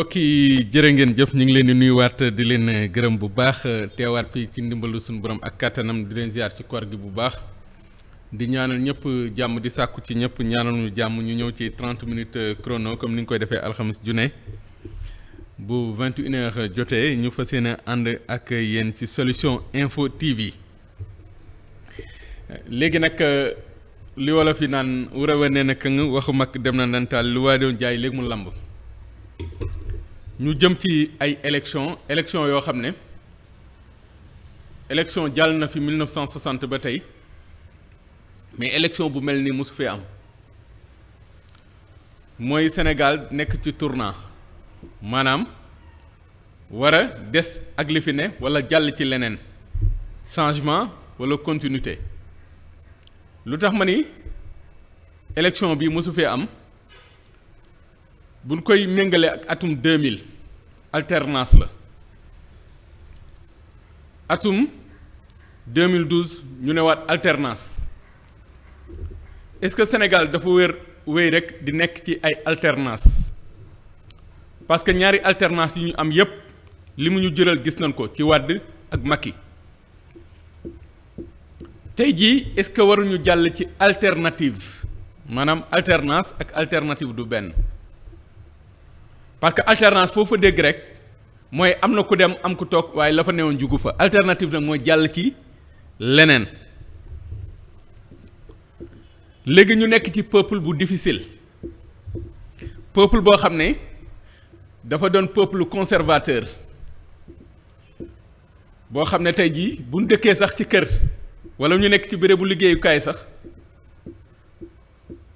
mbokk yi jërë ngeen jëf ñu ngi leen di nuyuwaat di leen gërëm bu baax teewaat fii ci ndimbalu suñu borom ak kattanam di leen ziar ci koor gi bu baax di ñaanal ñëpp jàmm di sàkku ci ñëpp ñaanal jàmm ñu ñëw ci 30 minutes chrono comme ni nga koy defee alxames junne bu 21 heures jotee ñu fa yéene ànd ak yéen ci solution info TV léegi nag li wala fi naan wurawe nee na këng waxu mag dem na ndantaal lu waa doon jaay léegi mu lamb ñu jëm ci ay élection élection yoo xam ne élection jàll na fi 1960 ba tey mais élection bu mel ni mosu fee am mooy Sénégal nekk ci tournant maanaam war a des ak li fi ne wala jàll ci leneen changement wala continuité lu tax ma ni élection bi mosu fee am buñ koy méngale ak atum 2000 alternance la atum 2012 ñu newaat alternance est-ce que Sénégal dafa wér wéy rek di nekk ci ay alternance parce que ñaari alternance yu ñu am yépp li mu ñu jëral gis nañ ko ci Wàdd ak Macky tey jii est-ce que waruñu jàll ci alternative maanaam alternance ak alternative du benn parce que alternance foofa dégg rek mooy am na ku dem am ku toog waaye la fa newoon jugu fa alternative nag mooy jàll ci leneen léegi ñu nekk ci peuple bu difficile peuple boo xam ne dafa doon peuple conservateur boo xam ne tey jii bu ñu dëkkee sax ci kër wala ñu nekk ci bérébu liggéeyukaay sax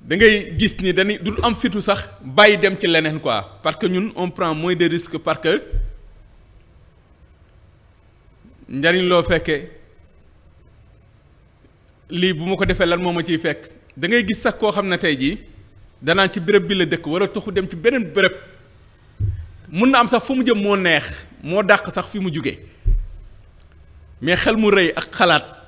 da ngay gis ni dañuy duñ am fitu sax bàyyi dem ci leneen quoi parce que ñun on prend mooy de risques parce que njariñ loo fekkee lii bu ma ko defee lan moo ma ciy fekk dangay gis sax koo xam ne tey jii danaa ci béréb bi la dëkk wala toxu dem ci beneen bërëb mun na am sax fu mu jëm moo neex moo dàq sax fi mu jugee mais xel mu rëy ak xalaat.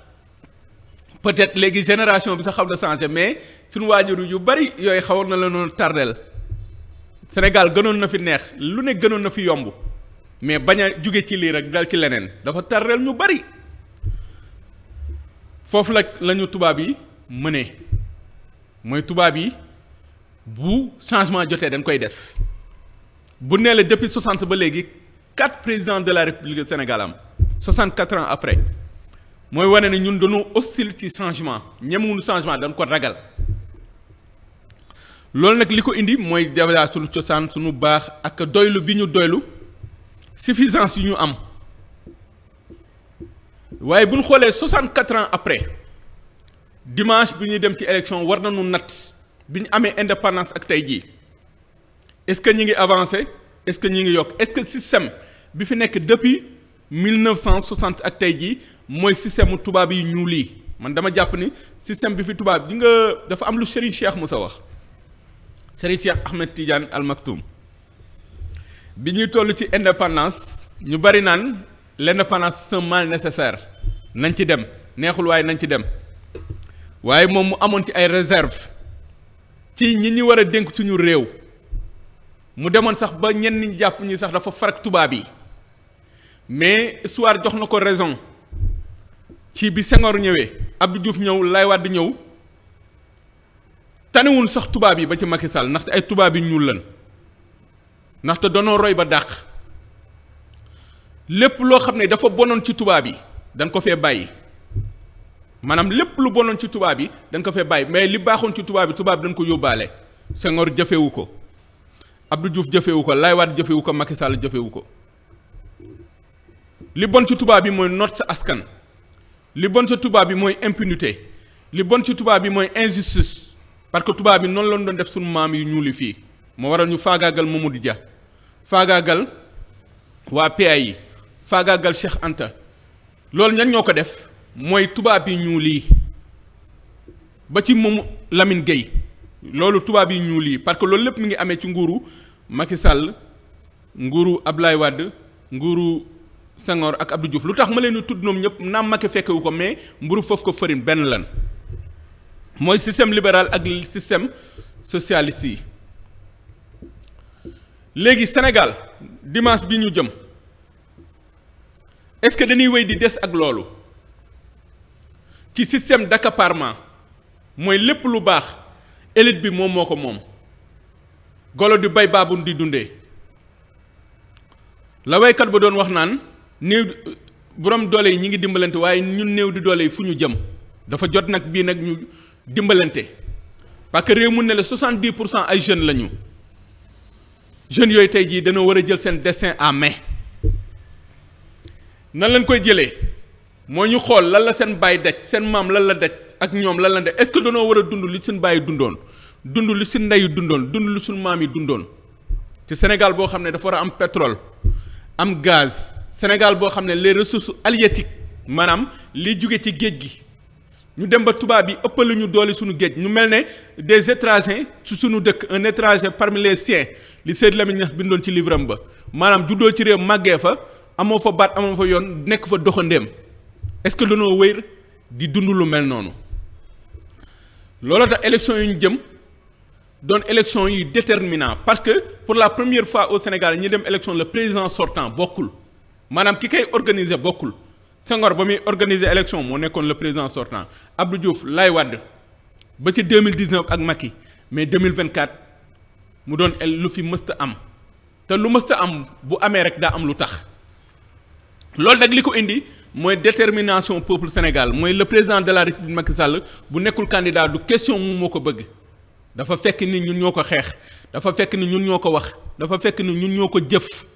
peut-être léegi génération bi sa xaw na changé mais suñu waajur yu bari yooyu xawoon na la noonu tardeel Sénégal gënoon na fi neex lu ne gënoon na fi yomb mais bañ a jóge ci lii rek dal ci leneen dafa tardeel ñu bari foofu la lañu tubaab yi mënee mooy tubaab yi bu changement jotee dañ koy def bu nee la depuis 60 ba léegi quatre président de la république du Sénégal am 64 ans après. mooy wane ne ñun dañoo hostile ci changement ñemewuñu changement dañ ko ragal loolu nag li ko indi mooy déjà cosaan suñu baax ak doylu bi ñu doylu suffisance yu ñu am waaye bu ñu xoolee 64 ans après dimanche bi ñuy dem ci élection war nanu natt bi ñu amee indépendance ak tey jii est-ce que ñi ngi avancé est-ce que ñi ngi yokk est que système bi fi nekk depuis 1960 ak tey jii. mooy système mu tubaab yi ñuul yi man dama jàpp ni système bi fi tubaab di nga dafa am lu Serigne mu sa wax Serigne Cheikh Ahmed Tidiane Al Maktoum bi ñuy toll ci indépendance ñu bari naan l'indépendance sa un mal nécessaire nañ ci dem neexul waaye nañ ci dem waaye moom mu amoon ci ay réserve ci ñi ñi war a dénk suñu réew mu demoon sax ba ñenn ñi jàpp ñi sax dafa farak tubaab yi mais histoire jox na ko raison. ci bi Senghor ñëwee Abdou Diouf ñëw Lay Wade ñëw tanewul sax tubaab yi ba ci Macky ndaxte ay tubaab yi ñuul lan ndaxte danoo roy ba dàq lépp loo xam ne dafa bonoon ci tubaab yi dañ ko fee bàyyi maanaam lépp lu bonoon ci tubaab yi dañ ko fee bàyyi mais li baaxoon ci tubaab yi tubaab dañ ko yóbbaale Senghor jëfewu ko Abdou Diouf jëfewu ko Lay Wade jëfewu ko Macky Sall jëfewu ko li bon ci tubaab yi mooy noot sa askan li bon ci tubaab bi mooy impinité li bon ci tubaab bi mooy injustice parce que tubaab bi noonu lañ doon def suñu maam yu ñuul yi fii moo waral ñu faagaagal Mamadou ja faagaagal waa PAI yi faagaagal Cheikh Anta loolu ñan ñoo ko def mooy tubaab yi ñuul yi ba ci moomu lamin Gueye loolu tubaab yi ñuul yi parce que loolu lépp mu ngi amee ci nguuru Macky sàll nguuru Ablaye Wade nguuru Senghor ak Abdou Diouf lu tax ma leen di tudd ñoom ñëpp naam Macky fekkewu ko mais mburu foofu ko farine benn lan mooy système libéral ak système socialiste yi léegi senegal dimanche bi ñu jëm est-ce que dañuy di des ak loolu ci système d'accaparement mooy lépp lu baax élite bi moom moo ko moom golo di bay baabun di dundee la waykat ba doon wax naan néew borom doole yi ñu ngi dimbalante waaye ñun néew di doole yi fu ñu jëm dafa jot nag bii nag ñu dimbalante parce que réew mu ne la 70 pour cent ay jeunes la ñu jeunes yooyu tey jii dañoo war a jël seen destin en main nan lañ koy jëlee moo ñu xool lan la seen baay daj seen maam lan la daj ak ñoom lan la daj est-ce war a dund li seen baay dundoon dund li seen ndey dundoon dund lu sunu maam yi dundoon ci Sénégal boo xam ne dafa war a am pétrole am gaz. Sénégal boo xam ne les ressources halieutiques maanaam li jóge ci géej gi ñu dem ba tubaab yi ëppal ñu doole suñu géej ñu mel ne des étrangers su suñu dëkk un étranger parmi les siens li Seydou Lamine Niass bindoon ci livre ba maanaam juddoo ci réew màggee fa amoo fa baat amoo fa yoon nekk fa doxandéem est-ce que danoo wéy di dund lu mel noonu looloo tax élection yi ñu jëm doon élection yi déterminant parce que pour la première fois au Sénégal ñi dem élection le président sortant bokkul. maanaam ki koy organiser bokkul Senghor ba muy organiser élection moo nekkoon le président sortant Abdou Diouf Laye Wade ba ci deux mille dix neuf ak Macky mais deux mille vingt quatre mu doon lu fi mësta am te lu mësta am bu amee rek daa am lu tax lool nag li ko indi mooy détermination peuple Sénégal mooy le président de la République Macky Sall bu nekkul candidat du question mu moo ko bëgg dafa fekk ni ñun ñoo ko xeex dafa fekk ni ñun ñoo ko wax dafa fekk ni ñun ñoo ko jëf.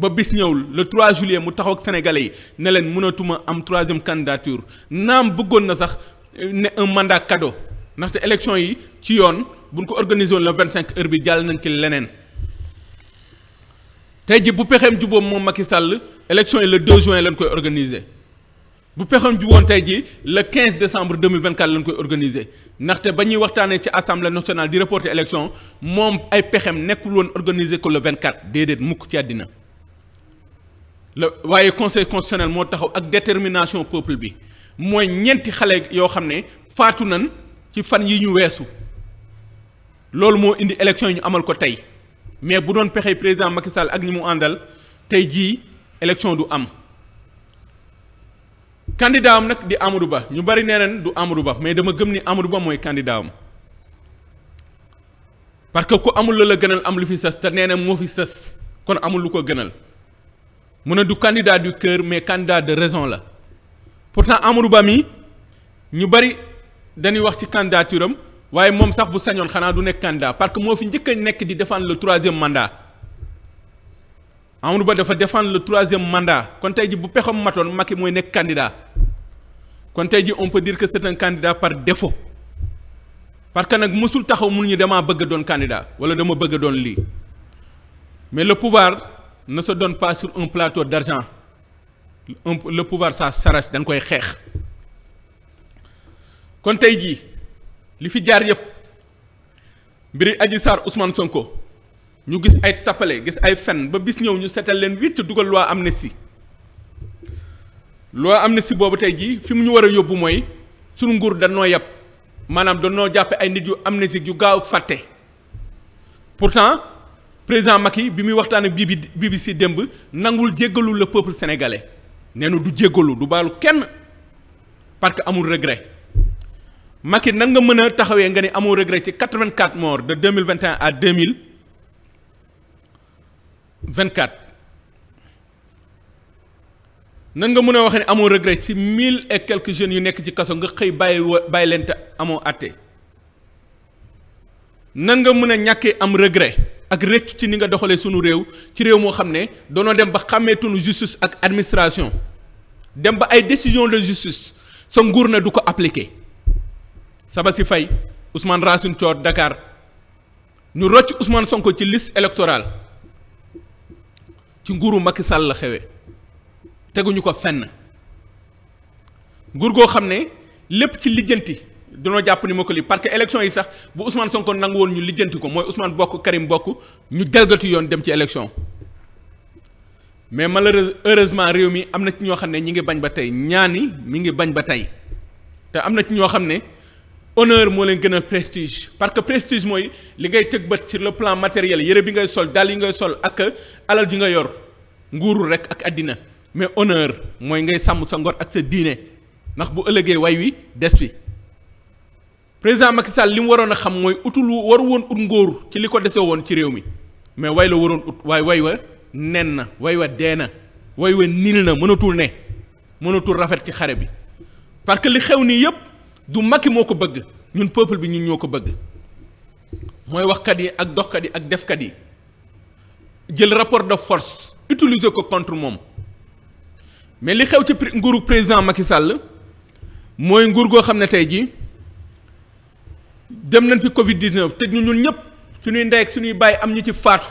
ba bis ñëwul le trois juillet mu taxaw ak sénégalais yi ne leen mënatuma am troisième candidature naam bëggoon na sax euh, ne un mandat cadeau ndaxte élection yi ci yoon buñ ko organisé woon le 25 heure bi jàll nañ ci leneen tey ji bu pexeem jubóom moom Macky Sall élection yi le 2 juin lañ koy organiser bu pexeem juboon tey ji le 15 décembre la lañ koy organiser ndaxte ba ñuy waxtaanee ci assemblée nationale di reporter élection moom ay pexem nekkul woon organiser ko le 24 déedéet mukk ci àddina la waaye conseil constitutionnel moo taxaw ak détermination peuple bi mooy ñeenti xale yoo xam ne faatu nan ci fan yi ñu weesu loolu moo indi élection yi ñu amal ko tey mais bu doon pexey président Macky Sall ak ñi mu àndal tey jii élection du am candidat nag di Amadou Ba ñu bari nee nañ du Amadou Ba mais dama gëm ni Amadou Ba mooy candidat am parce que ku amul la la gënal am lu fi sës te nee na moo fi sës kon amul lu ko gënal mu ne du candidat du cœur mais candidat de raison la pour pourtant Amadou Ba mi ñu bari dañuy wax ci candidature am waaye moom sax bu sañoon xanaa du nekk candidat parce que moo fi njëkk a nekk di défendre le troisième mandat Amadou Ba dafa défendre le troisième mandat kon tey ji bu pexam matoon Macky mooy nekk candidat kon tey ji on peut dire que c'est un candidat par défaut parce que nag mosul taxaw mun ñu damaa bëgg doon candidat wala dama bëgg doon lii mais le pouvoir ne se donne pas sur un plateau d'argent le pouvoir ça s'arrache dañ koy xeex kon tey jii li fi jaar yëpp mbiri Adji Sarr Ousmane Sonko ñu gis ay tappale gis ay fen ba bis ñëw ñu setal leen witt dugal am loi amnistie loi amnistie boobu tey jii fi mu ñu war a yóbbu mooy sunu nguur dañoo yab maanaam dañoo jàppe ay nit yu am amnésique yu gaaw fàtte pourtant président Macky bi muy waxtaan ak BBC BBC démb nangul jéggalu la peuple sénégalais nee na du jéggalu du baalu kenn parce que amul regret Macky nan nga mën a taxawee nga ni amul regret ci 84 morts de 2021 à 2024 nan nga mën a waxee ne amoo regret ci mille et quelques jeunes yu nekk ci kaso nga xëy bàyyi bàyyi lent amoo àtte nan nga mën a ñàkkee am regret. ak rëcc ci ni nga doxalee sunu réew ci réew moo xam ne doonoo dem ba xàmmeetunu justice ak administration dem ba ay décision de justice sa nguur na du ko saba si Faye Ousmane Racine Thior Dakar ñu rocc Ousmane Sonko ci liste électorale ci nguuru Macky Sall la xewe teguñu ko fenn nguur goo xam ne lépp ci lijjanti dañoo jàpp ni moo ko lii parce que élection yi sax bu Ousmane Sonko nangu woon ñu lijjanti ko mooy Ousmane bokk Karim bokk ñu jalgati yoon dem ci élection mais malheureusement heureusement réew mi am na ci ñoo xam ne ñi ngi bañ ba tey ñaani mi ngi bañ ba tey te am na ñoo xam ne honneur moo leen gën a prestige parce que prestige mooy li ngay tëg bët ci le plan matériel yére bi ngay sol dal yi ngay sol ak alal ji nga yor nguurul rek ak àddina mais honneur mooy ngay sàmm sa ngor ak sa diine ndax bu ëllëgee way wi des fi président Macky Sall li mu waroon a xam mooy utul waru woon ut ngóor ci li ko dese woon ci réew mi mais way la waroon ut waay way wa nen na way wa dee na way wa niil na mënatul ne mënatul rafet ci xare bi parce que li xew nii yëpp du Macky moo ko bëgg ñun peuple bi ñun ñoo ko bëgg mooy waxkat yi ak doxkat yi ak defkat yi jël rapport de force utiliser ko contre moom mais li xew ci nguuru président Macky Sall mooy nguur goo xam ne tey jii. dem nañ fi Covid 19 tëj ñu ñun ñëpp suñuy ndey ak ñuy bàyyi am ñu ci faatu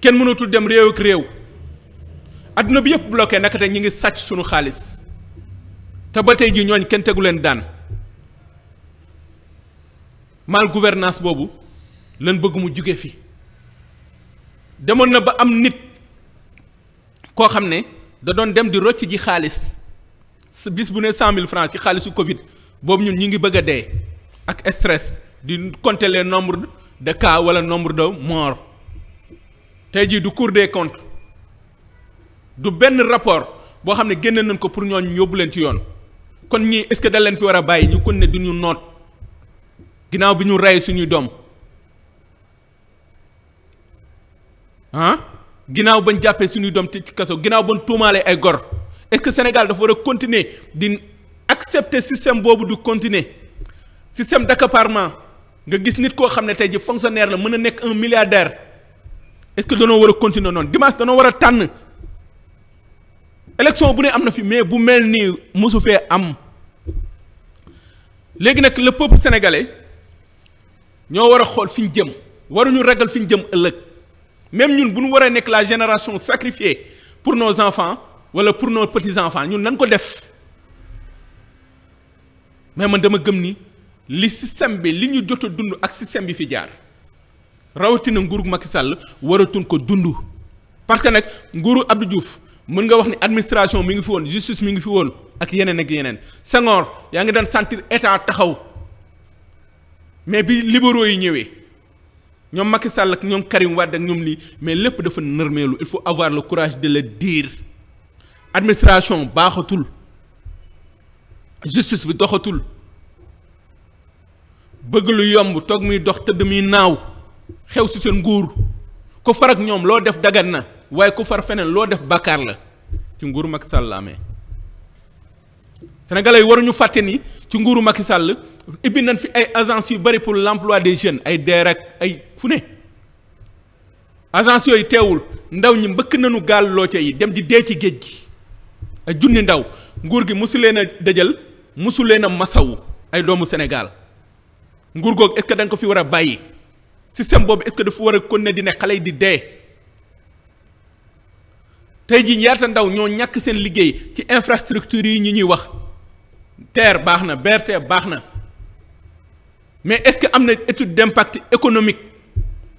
kenn mënatul dem réew ak réew adduna bi yëpp bloqué naka te ñu ngi sàcc sunu xaalis te ba tey jii ñooñ kenn tegu leen daan mal gouvernance boobu lan bëgg mu jóge fi demoon na ba am nit koo xam ne da doon dem di rocc ji xaalis sa bis bu ne cent mille francs ci xaalisu Covid. boobu ñun ñu ngi bëgg a dee ak stress di compter nombre de cas wala nombre de morts tey jii du cour des comptes du benn rapport boo xam ne génne nañ ko pour ñooñu yóbbu leen ci yoon kon ñii est-ce que da leen fi war a bàyyi ñu kon ne du ñu noot ginnaaw bi ñu rey suñuy doom ah ginnaaw bañ jàppee suñuy doom ci kaso ginnaaw bañ tuumaalee ay gor est-ce dafa war a continuer di accepter système boobu du continuer système d'accaparement nga gis nit koo xam ne tey ji fonctionnaire la mën a nekk un milliardaire est-ce que danoo war a continuer noonu dimanche danoo war a tànn élection bu ne am na fi mais bu mel nii mosu fee am léegi nag le peuple sénégalais ñoo war a xool fi ñu jëm waruñu ragal fi ñu jëm ëllëg même ñun bu ñu war a nekk la génération sacrifiée pour nos enfants wala pour nos petits enfants ñun lañ ko def mais man dama gëm ni li système bi li ñu jot dund ak système bi fi jaar rawatina nguuru Macky Sall waratuñ ko dund parce que nag nguuru Abdou Diouf mën nga wax ni administration mi ngi fi woon justice mi ngi fi woon ak yeneen ak yeneen Senghor yaa ngi daan sentir état taxaw mais bi libéraux yi ñëwee ñoom Macky Sall ak ñoom Karim Wade ak ñoom lii mais lépp dafa nërmeelu il faut avoir le courage de le dire administration baaxatul. justice bi doxatul bëgg lu yomb toog muy dox tëdd muy naaw xew ci seen nguur ku far ak ñoom loo def dagan na waaye ku far feneen loo def bàkkaar la ci nguuru Macky Sall la amee sénégalais yi waruñu fàtte ni ci nguuru Macky sàll ibbi nañ fi ay agence yu bari pour l'emploi des jeunes ay DER ay fu ne agence yooyu teewul ndaw ñi mbëkk nañu gaal loo ca yi dem di dee ci géej gi ay junni ndaw nguur gi mosu leen a dajal musu leen a masawu ay doomu Sénégal nguur googu est-ce ko fi war a bàyyi système boobu est-ce que war a continuer di ne xale yi di dee tey jii ñaata ndaw ñoo ñàkk seen liggéey ci infrastructure yi ñi ñuy wax TER baax na berte baax na mais est-ce que am na étude d'impact économique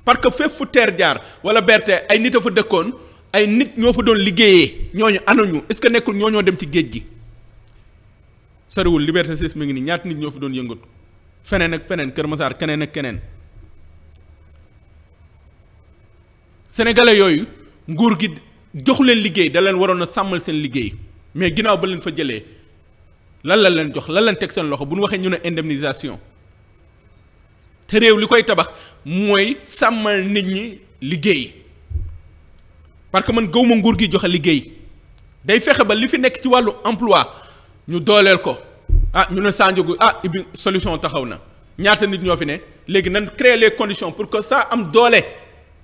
parce que fépp fu TER jaar wala berte ay nit a fa dëkkoon ay nit ñoo fa doon liggéeyee ñooñu ñu est-ce que nekkul ñoo ñoo dem ci géej gi. soriwul liberté 6 mi ngi nii ñaata nit ñoo fi doon yëngatu feneen ak feneen Kër Masaar keneen ak keneen sénégalais yooyu nguur gi joxu leen liggéey da leen waroon a sàmmal seen liggéey mais ginnaaw ba leen fa jëlee lan la leen jox lan leen teg seen loxo bu ñu waxee ñu ne indemnisation te réew li koy tabax mooy sàmmal nit ñi liggéey parce que man gëwma nguur gi joxe liggéey day fexe ba li fi nekk ci wàllu emploi ñu dooleel ko ah ñu ne Sandiogou ah ibi solution taxaw na ñaata nit ñoo fi ne léegi nan créer les conditions pour que saa am doole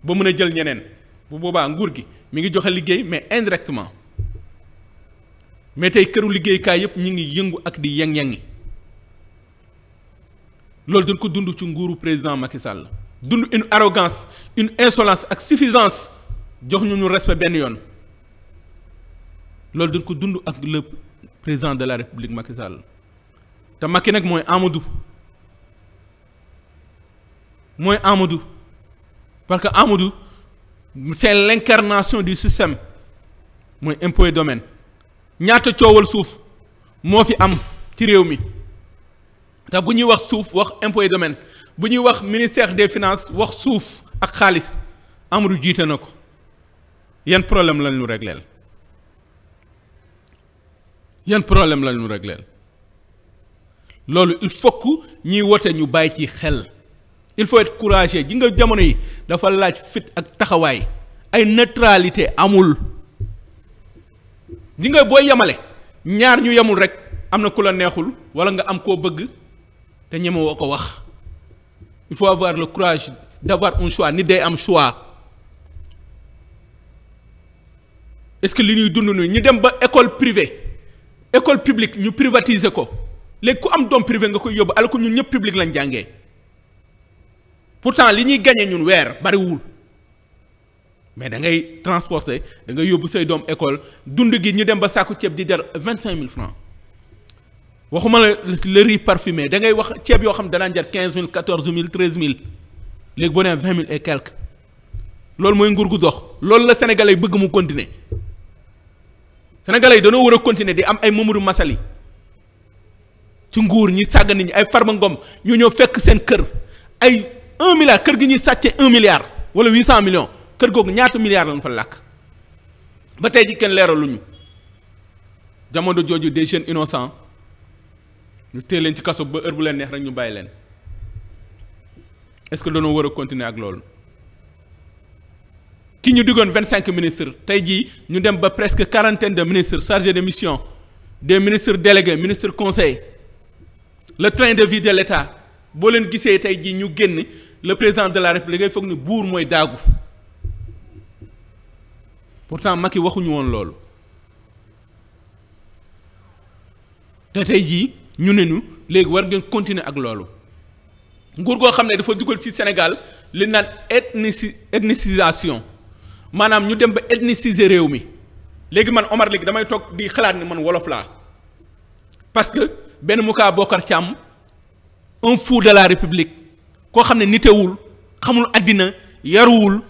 ba mën a jël ñeneen bu boobaa nguur gi mi ngi joxe liggéey mais indirectement mais tey këru liggéeykaay yëpp ñi ngi yëngu ak di yang-yangi loolu dañ ko dund ci nguuru président Macky Sall dund une arrogance une insolence ak suffisance jox ñu ñu respect benn yoon loolu dañ ko dund ak lépp président de la république Macky Sall te Macky nag mooy Amadou mooy Amadou parce que Amadou c'est l'incarnation du système mooy impôt domaine ñaata coowal suuf moo fi am ci réew mi te bu ñuy wax suuf wax impôt domaine bu ñuy wax ministère des finance wax suuf ak xaalis Amadou jiite na ko yan problème lañu régleel yan problème la ñu réglé loolu il faut ñiy wote ñu bàyyi ci xel il faut être courageux ji nga jamono yi dafa laaj fit ak taxawaay ay neutralité amul ji nga booy yemale ñaar ñu yemul rek am na ku la neexul wala nga am koo bëgg te ñemewoo ko wax il faut avoir le courage d'avoir un choix nit day am choix est que li ñuy dund nii ñu dem ba école privée. école publique ñu privatiser ko léegi ku am doom privé nga koy yóbbu alors ko ñun ñëpp public lañ jàngee pourtant li ñuy gañe ñun weer bariwul mais da ngay transporter da ngay yóbbu say doom école dund gi ñu dem ba sàkku ceeb di jar vingt cinq mille francs waxuma la le riz parfumé da ngay wax ceeb yoo xam danaan jar quinze mille quatorze mille treize mille léegi boo nee vingt mille et quelque loolu mooy nguur gu dox loolu la sénégalais bëgg mu continuer sénégalais yi dañoo war a continuer di am ay Mamadou Massaly ci nguur ñi sàgg nit ñi ay Farba Ngom ñu ñëw fekk seen kër ay un milliard kër gi ñuy sàcce un milliard wala huit cent millions kër googu ñaata milliards lañ fa làkk ba tey ji kenn leeraluñu jamono jooju des jeunes innocents ñu téye leen ci kaso ba heure bu leen neex rek ñu bàyyi leen est que dañoo war a continuer ak loolu. ki ñu diggoon vingt cinq ministres tey jii ñu dem ba presque quarantaine de ministres chargés de mission des ministre délégués ministres conseil le train de vie de l'État boo leen gisee tey jii ñu génn le président de la République ngay foog ni buur mooy daagu pourtant Macky waxuñu woon loolu te tey jii ñu ne ñu léegi war ngeen continuer ak loolu nguur goo xam ne dafa dugal ci Sénégal li naan ethnici ethnicisation maanaam ñu dem ba ethniciser réew mi léegi man Omar léegi damay toog di xalaat ni man wolof laa parce que benn Mouka Bokar Thiam un fou de la république koo xam ne nitewul xamul àddina yaruwul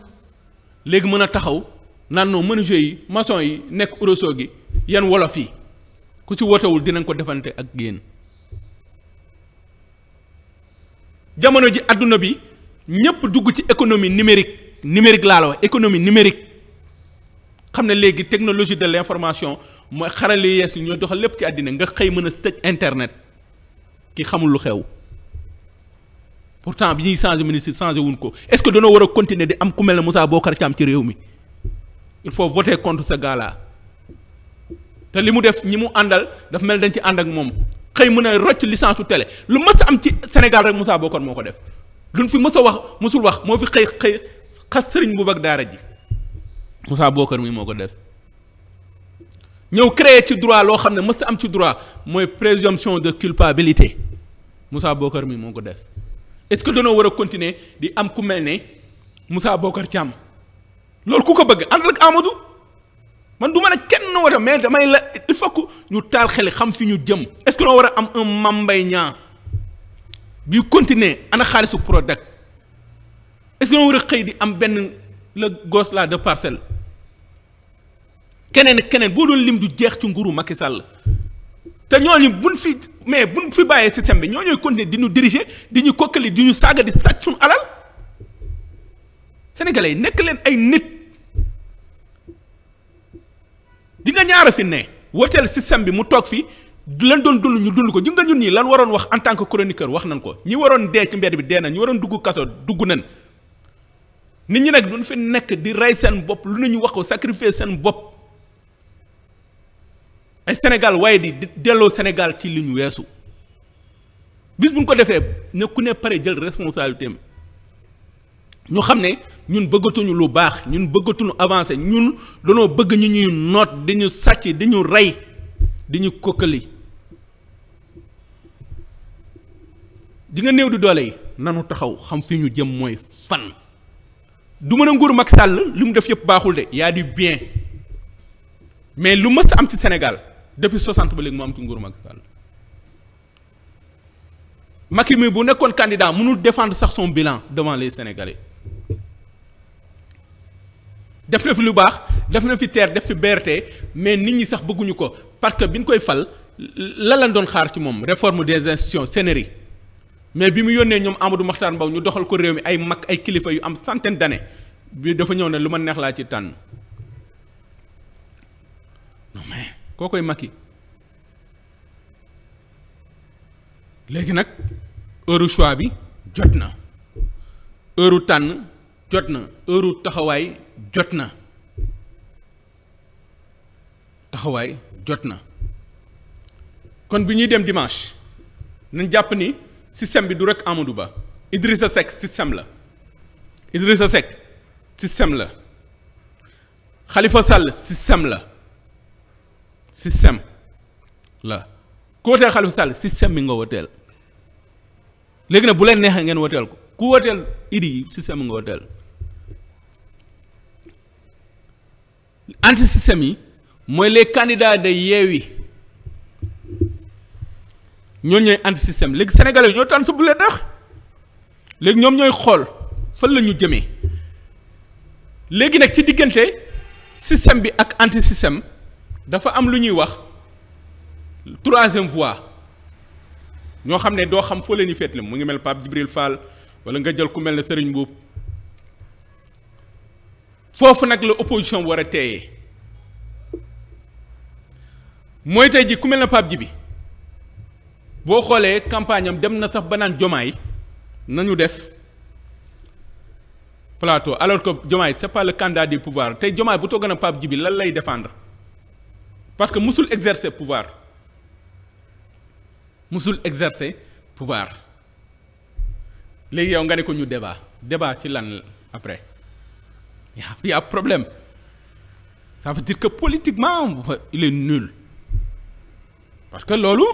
léegi mën a taxaw naan non menuisier yi maçon yi nekk uroso gi yan wolof yi ku ci wootewul dinañ ko defante ak yéen jamono ji àdduna bi ñépp dugg ci économie numérique numérique laa la wax économie numérique xam ne léegi technologie de l'information mooy xarale yees li ñoo doxal lépp ci àddina nga xëy mën a tëj internet ki xamul lu xew pourtant bi ñuy changé ministre changé wuñ ko est-ce que dañoo war a continuer di am ku mel ne Moussa Bocar am ci réew mi il faut voter contre ce gars te li mu def ñi mu àndal dafa mel dañ ci ànd ak moom xëy mën a rocc licence su tele lu mës a am ci Sénégal rek Moussa Bocar moo ko def luñ fi mës wax mësul wax moo fi xëy xëy xas sëriñ bu bag daara ji Moussa Bokar mi moo ko def ñëw créer ci droit loo xam ne mës am ci droit mooy présomption de culpabilité Moussa Bokar mii moo ko def est-ce que danoo war a continuer di am ku mel ne Moussa Bokar Thiam loolu ku ko bëgg ànd ak Amadou man du ma ne kenn war a mais damay la il faut ñu taal xel xam fi ñu jëm est noo war a am un Mame Mbaye Niang bi continuer ana xaalisu Prodac est-ce que war a xëy di am benn la gosse là de parcelle keneen keneen boo doon lim du jeex ci nguuru Macky Sall te ñooñu buñ fi mais buñ fi bàyyee système bi ñoo ñooy continuer di ñu diriger di ñu kokkali di ñu saaga di sàcc suñu alal sénégalais yi nekk leen ay nit di nga ñaara fi ne wooteel système bi mu toog fi lan doon dund ñu dund ko ji nga ñun ñi lan waroon wax en tant que chroniqueur wax nañ ko ñi waroon dee ci mbedd bi dee na ñi waroon dugg kaso dugg nañ nit ñi nag duñ fi nekk di rey seen bopp lu nañu wax ko sacrifier seen bopp ay Sénégal waaye di delloo Sénégal ci li ñu weesu bis bu ñu ko defee ne ku ne pare jël responsabilité am ñu xam ne ñun bëggatuñu lu baax ñun bëggatuñu avancé ñun danoo bëgg ñu ñuy noot di ñu sàcc di ñu rey di ñu kokkali di nga néew di doole yi nanu taxaw xam fi ñu jëm mooy fan du mën a nguuru Macky Sall li mu def yëpp baaxul de y a bien mais lu mës am ci Sénégal depuis 60 ba léegi mu am ci nguuru Macky Sall Macky mi bu nekkoon candidat mënul défendre sax son bilan devant les Sénégalais def na fi lu baax def na fi TER def fi BRT mais nit ñi sax bëgguñu ko parce que bi ñu koy fal la lañ doon xaar ci moom réforme des institutions sénéri mais bi mu yónnee ñoom Amadou Mahtar Mbow ñu doxal ko réew mi ay mag ay kilifa yu am centaine d'années bi dafa ñëw ne lu ma neex laa ci tànn non mais koo koy léegi nag heure bi jot na heure tànn jot na heure taxawaay jot na taxawaay jot na kon bi ñuy dem dimanche nañ jàpp ni. système bi du rek Amadou Ba sa Seck système la idri sa Seck système la xalifa Sall système la système la ku woteel Khalifa Sall système bi nga woteel léegi nag bu leen neexee ngeen wooteel ko ku woteel Idi système nga woteel anti système yi mooy les candidats de yeewi ñoo ñooy anti léegi sénégalais ñoo tànn su bu leen neex léegi ñoom ñooy xool fan la ñu jëmee léegi nag ci diggante système bi ak anti dafa am lu ñuy wax troisième voie ñoo xam ne doo xam foo leen ñu féetale mu ngi mel Pape Djibril Fall wala nga jël ku mel ne Serigne Mboup foofu nag la opposition war a teeyee mooy tey ji ku mel ne Pape Djibi boo xoolee campagne am dem na sax banaan naan jomaay nañu def plateau alors que jomaay c'est pas le candidat du pouvoir tey jomaay bu toogoon a Pape Djibi lan lay défendre parce que mosul exercer pouvoir mosul exercer pouvoir léegi yow nga ne ko ñu débat débat ci lan après y a problème ça veut dire que politiquement il est nul parce que loolu.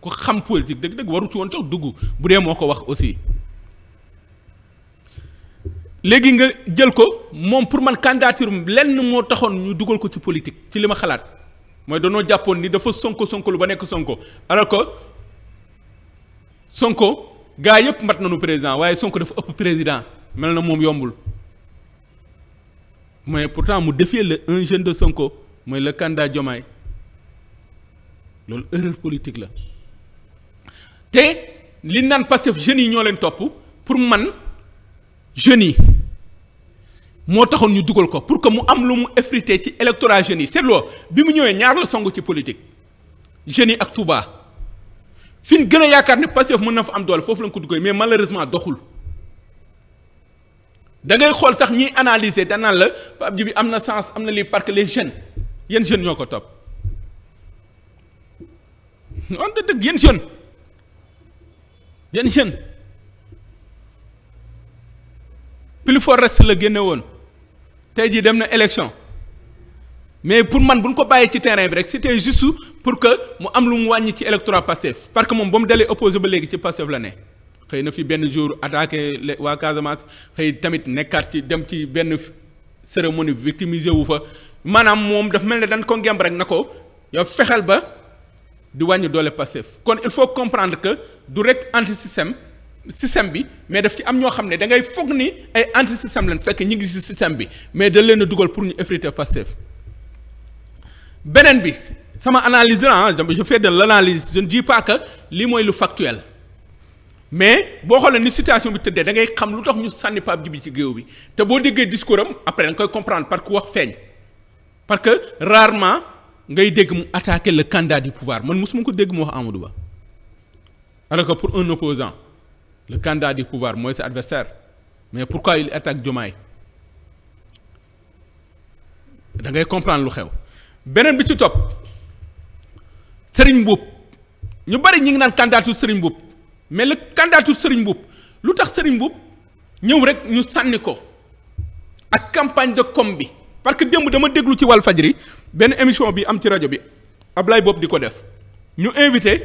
ku xam politique dëgg-dëgg waru ci woon sax dugg bu dee moo ko wax aussi léegi nga jël ko moom pour man candidature lenn moo taxoon ñu dugal ko ci politique ci li ma xalaat mooy danoo jàppoon ni dafa sonko sonko lu ba nekk sonko alors ko sonko gaa yëpp mat nañu président waaye sonko dafa ëpp président mel na moom yombul mais pourtant mu défier le un jeune de sonko mooy le candidat Diomaye loolu erreur politique la. te li naan Pastef jeunes yi ñoo leen topp pour man jeunes yi moo taxoon ñu dugal ko pour que mu am lu mu effrité ci électorat jeunes yi seetloo bi mu ñëwee ñaar la song ci politique jeunes yi ak Touba fi ñu gën a yaakaar ne Pastef mën na fa am doole foofu lañ ko duggee mais malheureusement doxul da ngay xool sax ñiy analyser danaan la Pape Djibi am na sens am na lii parce que les jeunes yan jeunes ñoo ko topp wante dëgg yan jeunes. yenn jeune plus fort la génne woon tey jii dem na élection mais pour man bu ñu ko bàyyee ci terrain bi rek c'était juste pour que mu am lu mu wàññi ci électorat Pastef parce que moom ba mu dalee opposé ba léegi ci Pastef la ne xëy na fi benn jour attaqué waa Casamance xëy tamit nekkaat ci dem ci benn cérémonie victimisé wu fa maanaam moom daf mel ne dañ ko ngemb rek na ko yow fexeel ba. di wàññi doole Pastef kon il faut comprendre que du rek anti système système bi mais daf ci am ñoo xam ne da ngay foog ni ay anti système lañ fekk ñu ngi si système bi mais da leen dugal pour ñu effriter Pastef beneen bi sama analyse la ah, je fais de l'analyse je ne dis pas que mooy lu factuel mais boo xoolee ni situation bi tëddee da ngay xam lu tax ñu sànni Pape Djibi ci géew bi te boo déggee discours am après da nga koy comprendre parce que wax feeñ parce que rarement. ngay dégg mu attaquer le candidat du pouvoir man mosuma ko dégg mu wax Amadou Ba alors que pour un opposant le candidat du pouvoir mooy sa adversaire mais pourquoi il attaque Diomaye da ngay comprendre lu xew beneen bi ci topp Serigne Mboup ñu bari ñu ngi naan candidature Serigne Mboup mais le kàndaatul Serigne Mboup lu tax sëriñ Mboup ñëw rek ñu sànni ko ak campagne de com bi parce que démb dama déglu ci wàll fajri benn émission bi am ci rajo bi Ablaye Bob di ko def ñu invité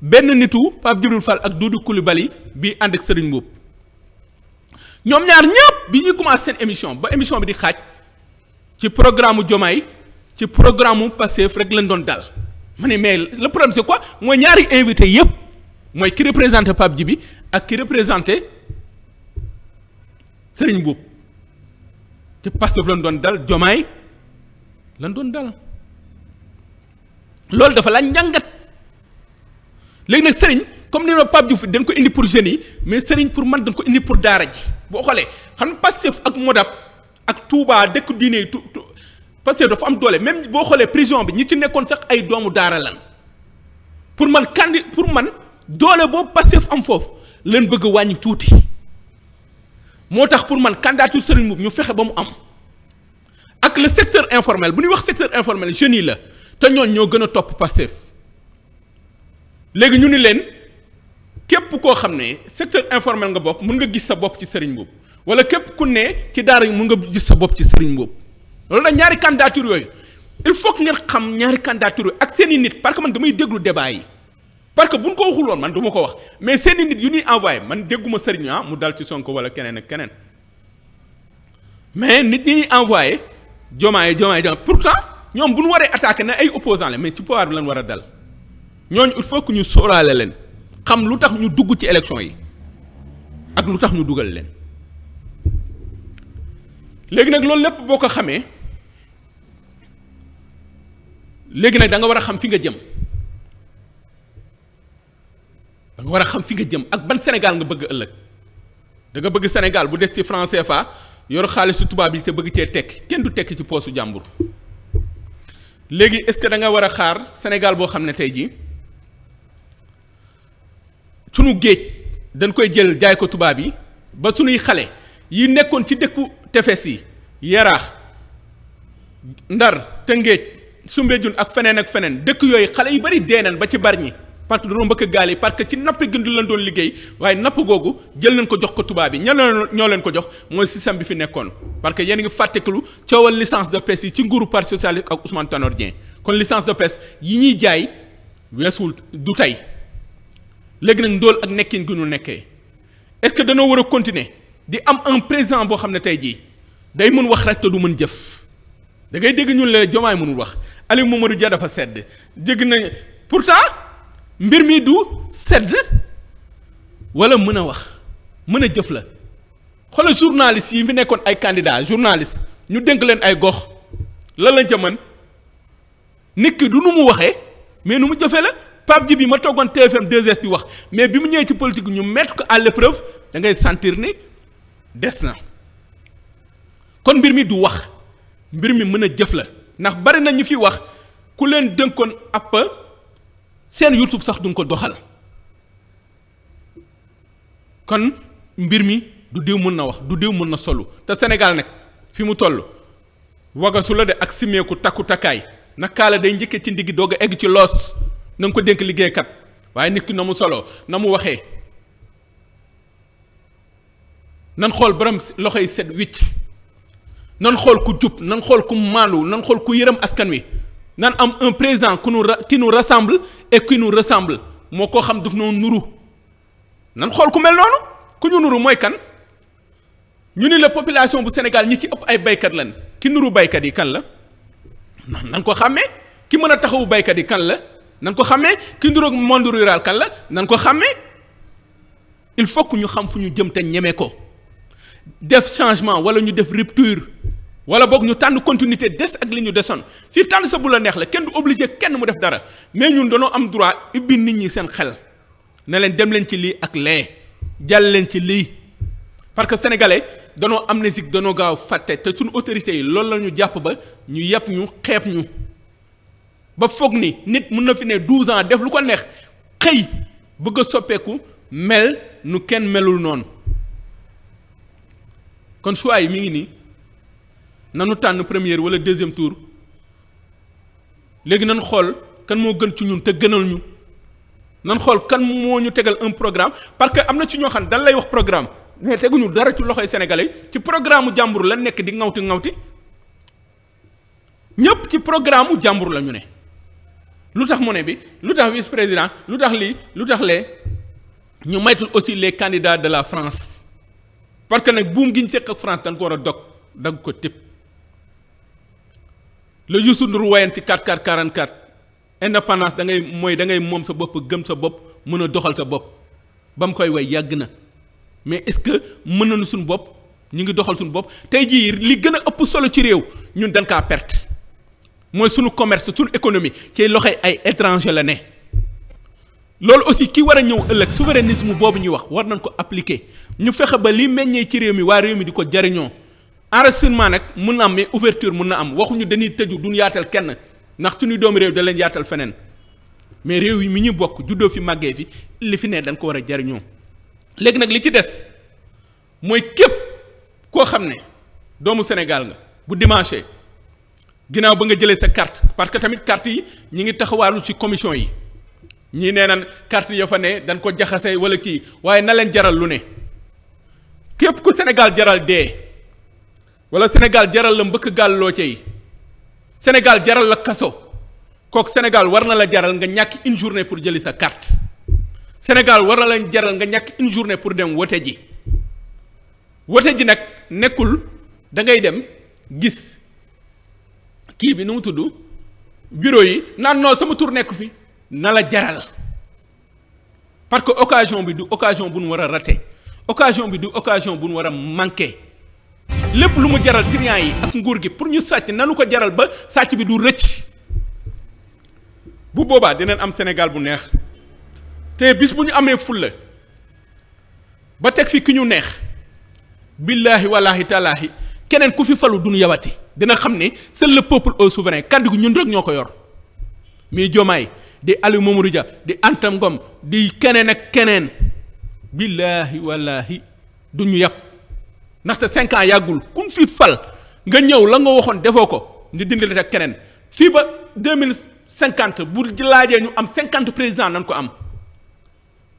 benn nitu Pape Djibril Fall ak Doudou Coulibaly bi ànd ak Serigne ñoom ñaar ñëpp bi ñuy commencé seen émission ba émission bi di xaaj ci programme Diomaye ci programme mu Pastef rek lañ doon dal ma ne mais le problème c'est quoi mooy ñaari invité yëpp mooy ki représenté Pape Djibi ak ki représenté sëriñ Mboup. ci Pastef lan doon dal jomaay lan doon dal loolu dafa laaj njàngat léegi nag sëriñ comme ni ma Pape Diouf ko indi pour jeunes yi mais sëriñ pour man dañ ko indi pour daara ji boo xoolee xam Pastef ak Modab ak Touba dëkk diine yi tu Pastef dafa am doole même boo xoolee prison bi ñu ci nekkoon sax ay doomu daara lan pour man kandi pour man doole boobu fu am foofu leen bëgg wàññi tuuti moo tax pour man candidature Serigne Mboup ñu fexe ba mu am ak le secteur informel bu ñuy wax secteur informel jeunes yi la te ñooñ ñoo gën a topp Pastef léegi ñu ni leen képp koo xam ne secteur informel nga bokk mun nga gis sa bopp ci Serigne Mboup wala képp ku ne ci daara mun nga gis sa bopp ci Serigne Mboup loolu la ñaari candidature yooyu il faut que xam ñaari candidature yooyu ak seen i nit parce que man damay déglu débat yi. parce que buñ ko waxul woon man duma ma ko wax mais seeni nit yu ñuy envoyé man dégguma sëriñ ah mu dal ci sonk wala keneen ak keneen mais nit ñi ñuy envoyé jomaay jomaay jomaay pourtant ñoom bu ñu waree attaqué na ay opposants mais ci pouvoir bi lañ war a dal ñooñu il faut que ñu sóoraale leen xam lu tax ñu dugg ci élection yi ak lu tax ñu dugal leen léegi nag loolu lépp boo ko xamee léegi nag danga war a xam fi nga jëm. da war a xam fi nga jëm ak ban Sénégal nga bëgg ëllëg danga bëgg Sénégal bu des ci franc CFA yor xaalisu tubaab yi te bëgg cee tekki kenn du tekki ci poosu jàmbur léegi est-ce que da war a xaar Sénégal boo xam ne tey jii sunu géej dañ koy jël jaay ko tubaab yi ba suñuy xale yi nekkoon ci dëkku tefes yi yaraax ndar te tëngéej sumbejun ak feneen ak feneen dëkk yooyu xale yu bari dee ba ci bar ñi parce que dañoo mbëkk gaal yi parce que ci napp gi lañ doon liggéey waaye napp googu jël nañ ko jox ko tubaab yi ña ñoo leen ko jox mooy système bi fi nekkoon parce que yéen ngi fàtteklu coowal licence de pêche yi ci nguuru parti socialiste ak Ousmane Tanor Dieng kon licence de pêche yi ñuy jaay weesul du tey léegi nag ndool ak nekkin gi ñu nekkee est-ce que danoo war a continuer di am un président boo xam ne tey jii day mën wax rek te du mën jëf da ngay dégg ñun la jomaay mënul wax Aliou Mamadou Dia dafa sedd dégg nañ pourtant. mbir mi du sedd wala mën a wax mën a jëf la xoolal journaliste yi fi nekkoon ay candidat journaliste ñu dénk leen ay gox lan lañ ca mën nit ki du nu mu waxee mais nu mu jëfee la Pape bi ma toogoon TFM 2S bi wax mais bi mu ñëwee ci politique ñu mettre ko à l'épreuve da ngay sentir ni des na kon mbir mi du wax mbir mi mën a jëf la ndax bari na ñu fi wax ku leen dénkoon app seen youtube sax duñ ko doxal kon mbir mi du diw mën na wax du diw mën na solu te senegal nag fi mu toll wagasu la de ak simeeku takku takkaay nakaala day njëkkee ci ndiggi doog a egg ci loos na nga ko dénk liggéeykat waaye nit ki na mu solo na mu waxee nan xool borom loxo yi set wicc nan xool ku jub nan xool ku maandu nan xool ku yërëm askan wi nan am un président ku nu qui nous rassemble et qui nous ressemble moo koo xam daf noo nuru nan xool ku mel noonu ku ñu nuru mooy kan ñu ni la population bu Sénégal ñi ci ëpp ay baykat lan ki nuru baykat yi kan la nan ko xàmmee ki mën a taxawu baykat yi kan la nan ko xàmmee ki nuru monde rural kan la nan ko xàmmee il faut ku ñu xam fu ñu jëm te ñeme ko def changement wala ñu def rupture wala boog ñu tànn continuité des ak li ñu desoon fii tànn sa bu la neex la kenn du obligé kenn mu def dara mais ñun dañoo am droit ubbi nit ñi seen xel ne leen dem leen ci lii ak lee jàll leen ci lii parce que sénégalais danoo am amnésique danoo gaaw fàtte te suñu autorité yi loolu la ñu jàpp ba ñu yàpp ñu xeeb ñu ba foog ni nit mun na fi ne 12 ans def lu ko neex xëy bëgg a soppeeku mel nu kenn melul noonu kon choix yi mi ngi nii. nanu tànn première wala deuxième tour léegi nan xool kan moo gën ci ñun te gënal ñu nan xool kan moo ñu tegal un programme parce que am na ci ñoo xam dan lay wax programme mais teguñu dara ci loxoy sénégalais ci programme mu jàmbur la nekk di ŋawti ñëpp ci programme mu jàmbur la ñu ne lu tax mu ne bi lu tax vice président lu tax li lu tax lee ñu maytul aussi les candidats de la France parce que nag buum gi ñu seq ak France dañ ko a dog dagg ko tëb. la Youssou Ndour wayen ci 44 44 indépendance da ngay mooy da ngay moom sa bopp gëm sa bopp mën a doxal sa bopp ba mu koy way yàgg na mais est-ce que mën nañu suñu bopp ñu ngi doxal suñu bopp tey jii li gën a ëpp solo ci réew ñun dañ kaa perte mooy sunu commerce suñu économie ci loxoy ay étranger la ne. loolu aussi ki war a ñëw ëllëg souverainisme boobu ñuy wax war nañ ko appliquer ñu fexe ba li meññee ci réew mi waa réew mi di ko jariñoo enregistrement nag mun na am mais ouverture mun na am waxuñu dañuy tëju duñ yaatal kenn ndax su suñu doomu réew da leen yaatal feneen mais réew yi mi ñu bokk juddoo fi màggee fi li fi ne dañ ko war a jariñoo léegi nag li ci des mooy képp koo xam ne doomu Sénégal nga bu dimanche ginnaaw ba nga jëlee sa carte parce que tamit carte yi ñi ngi taxawaalu ci commission yi ñii nee nan carte ya fa ne dañ ko jaxase wala kii waaye na leen jaral lu ne képp ku Sénégal jaral dee wala Sénégal jaral la mbëkk gaal loo cay Sénégal jaral la kaso kooku Sénégal war na la jaral nga ñàkk une pour jëli sa carte Sénégal war na la jaral nga ñàkk une pour dem wote ji wote ji nag nekkul da ngay dem gis kii bi nu mu tudd bureau yi naan non sama tur nekku fi na la jaral parce que occasion bi du occasion bu nu war a raté occasion bi du occasion bu nu war a manqué. lépp lu mu jaral triant yi ak nguur gi pour ñu sàcc nanu ko jaral ba sàcc bi du rëcc bu boobaa dinañ am Sénégal bu neex te bis bu ñu amee fulla ba teg fi ki ñu neex billaahi walaahi talaahi keneen ku fi falu duñu yawati dina xam ne sël le peuple au souverain kàddu gi ñun rek ñoo ko yor muy Diomaye di Aliou Mamadou di Anta Ngom di keneen ak keneen billaahi walaahi du ñu yàpp ndaxte cinq yàggul ku mu fi fal nga ñëw la nga waxoon defoo ko ñu dindi la ak keneen fii ba deux cinquante bu laajee ñu am cinquante président nañ ko am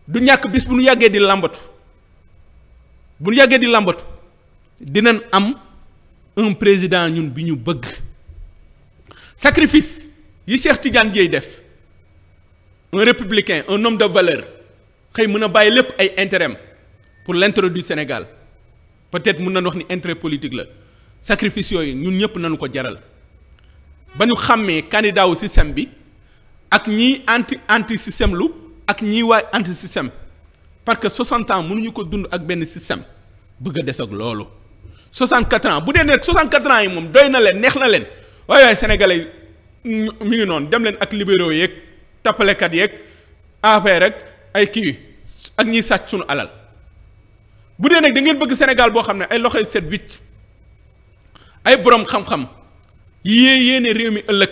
du ñàkk bis bu ñu yàggee di làmbatu bu ñu yàggee di làmbatu dinañ am un président ñun bi ñu bëgg sacrifice yi Cheikh Tidiane Dièye def un républicain un homme de valeur xëy mën na bàyyi lépp ay intérêt pour l'intérêt du Sénégal peut-être mën nañu wax ni intérêt politique la sacrifice yooyu ñun ñëpp nañu ko jaral ba ñu xàmmee candidat wu système bi ak ñii anti anti système lu ak ñiy waay anti système parce que 60 ans mënuñu ko dund ak benn système bëgg a des ak loolu 64 ans bu dee ne 64 ans yi moom doy na leen neex na leen waaye waaye sénégalais mi ngi noonu dem leen ak libéraux yeeg tappalekat yeeg affaire rek ay kii ak ñiy sàcc sunu alal. bu dee nag da ngeen bëgg Sénégal boo xam ne ay loxoy set wicc ay borom xam-xam yée yéene réew mi ëllëg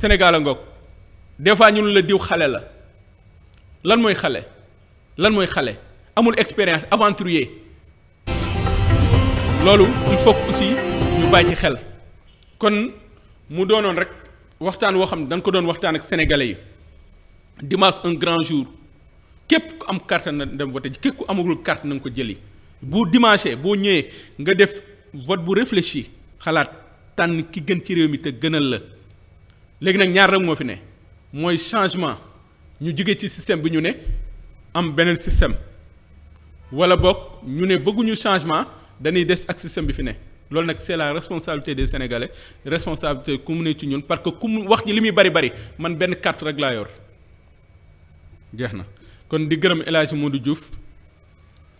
Sénégal a ngoog des fois ñun la diw xale la lan mooy xale lan mooy xale amul expérience aventurier loolu il faut aussi ñu bàyyi ci xel kon mu doonoon rek waxtaan woo xam ne dañ ko doon waxtaan ak sénégalais yi dimanche un grand jour képp ku am carte na dem voté ji képp ku amagul carte na nga ko jëli bu dimanche boo ñëwee nga def vote bu réfléchi xalaat tànn ki gën ci réew mi te gënal la léegi nag ñaar rek moo fi ne mooy changement ñu jóge ci système bi ñu ne am beneen système wala boog ñu ne bëgguñu changement danuy des ak système bi fi ne loolu nag c'est la responsabilité de sénégalais responsabilité ku mu ne ci ñun parce que ku mu wax ji li muy bari bari man benn carte rek laa yor jeex na. kon di gërëm El Hadj Modou Diouf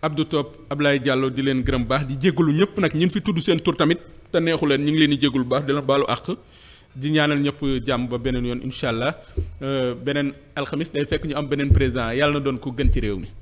Abdou Top Ablaye Diallo di leen gërëm baax di jégalu ñëpp nag ñun fi tudd seen tur tamit te neexu leen ñu ngi leen di jégalu baax di la baalu àq di ñaanal ñëpp jàmm ba beneen yoon incha allah euh, beneen alxamis day fekk ñu am beneen président yàlla na doon ko gën ci réew mi.